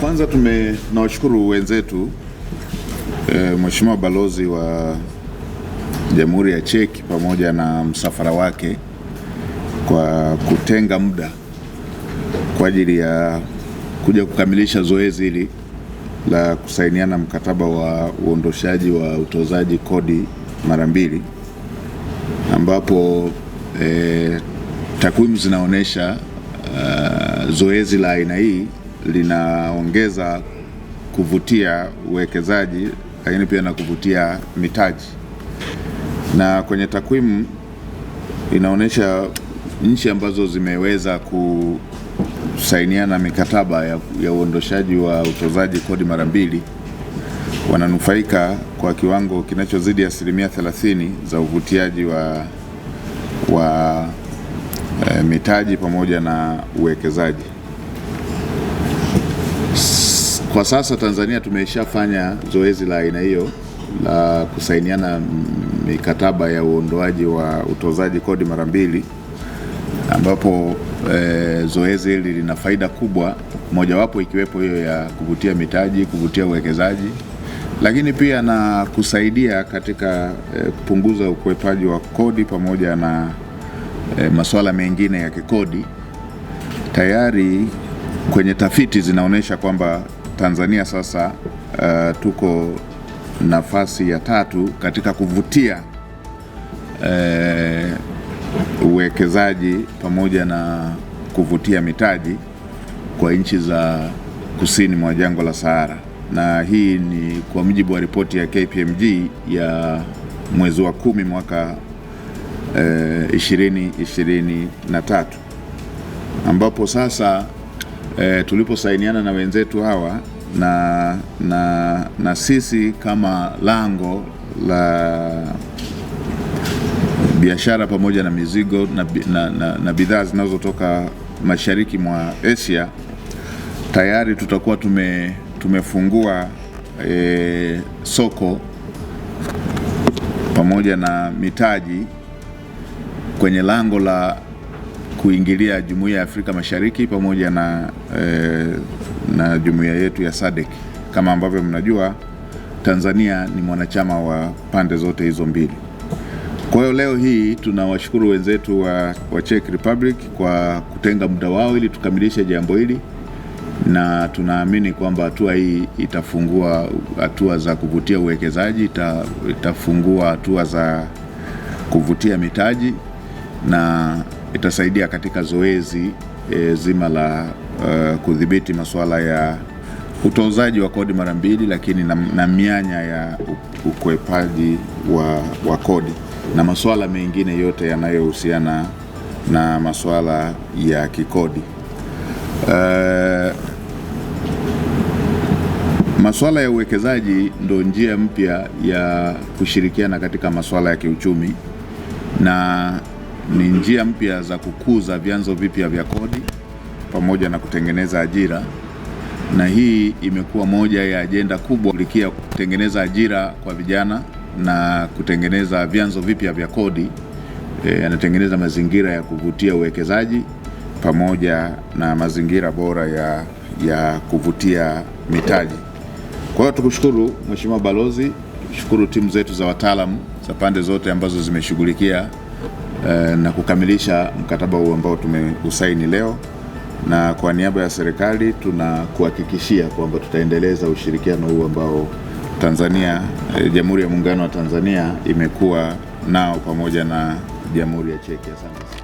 Kwanza nawashukuru wenzetu e, Mheshimiwa Balozi wa Jamhuri ya Cheki pamoja na msafara wake kwa kutenga muda kwa ajili ya kuja kukamilisha zoezi hili la kusainiana mkataba wa uondoshaji wa utozaji kodi mara mbili ambapo e, takwimu zinaonyesha uh, zoezi la aina hii linaongeza kuvutia uwekezaji, lakini pia na kuvutia mitaji. Na kwenye takwimu inaonyesha nchi ambazo zimeweza kusainiana mikataba ya, ya uondoshaji wa utozaji kodi mara mbili wananufaika kwa kiwango kinachozidi asilimia 30 za uvutiaji wa, wa e, mitaji pamoja na uwekezaji. Kwa sasa Tanzania tumeshafanya zoezi la aina hiyo la kusainiana mikataba ya uondoaji wa utozaji kodi mara mbili, ambapo e, zoezi hili lina faida kubwa, mojawapo ikiwepo hiyo ya kuvutia mitaji, kuvutia uwekezaji, lakini pia na kusaidia katika eh, kupunguza ukwepaji wa kodi pamoja na e, masuala mengine ya kikodi. Tayari kwenye tafiti zinaonyesha kwamba Tanzania sasa uh, tuko nafasi ya tatu katika kuvutia uh, uwekezaji pamoja na kuvutia mitaji kwa nchi za kusini mwa jangwa la Sahara, na hii ni kwa mujibu wa ripoti ya KPMG ya mwezi wa kumi mwaka uh, eh, 2023 ambapo sasa e, tuliposainiana na wenzetu hawa na, na, na sisi kama lango la biashara pamoja na mizigo na, na, na, na bidhaa zinazotoka mashariki mwa Asia tayari tutakuwa tume, tumefungua e, soko pamoja na mitaji kwenye lango la kuingilia Jumuiya ya Afrika Mashariki pamoja na, eh, na jumuiya yetu ya SADC. Kama ambavyo mnajua, Tanzania ni mwanachama wa pande zote hizo mbili. Kwa hiyo leo hii tunawashukuru wenzetu wa, wa Czech Republic kwa kutenga muda wao ili tukamilishe jambo hili, na tunaamini kwamba hatua hii itafungua hatua za kuvutia uwekezaji, ita, itafungua hatua za kuvutia mitaji na itasaidia katika zoezi e, zima la uh, kudhibiti masuala ya utozaji wa kodi mara mbili, lakini na, na mianya ya ukwepaji wa, wa kodi na masuala mengine yote yanayohusiana na masuala ya kikodi. Uh, e, masuala ya uwekezaji ndo njia mpya ya kushirikiana katika masuala ya kiuchumi na ni njia mpya za kukuza vyanzo vipya vya kodi pamoja na kutengeneza ajira, na hii imekuwa moja ya ajenda kubwa kulikia kutengeneza ajira kwa vijana na kutengeneza vyanzo vipya vya kodi. E, yanatengeneza e, mazingira ya kuvutia uwekezaji pamoja na mazingira bora ya, ya kuvutia mitaji. Kwa hiyo tukushukuru Mheshimiwa Balozi, tukushukuru timu zetu za wataalamu za pande zote ambazo zimeshughulikia Eh, na kukamilisha mkataba huu ambao tumeusaini leo, na kwa niaba ya serikali tunakuhakikishia kwamba tutaendeleza ushirikiano huu ambao Tanzania eh, Jamhuri ya Muungano wa Tanzania imekuwa nao pamoja na Jamhuri ya Czech. Asante.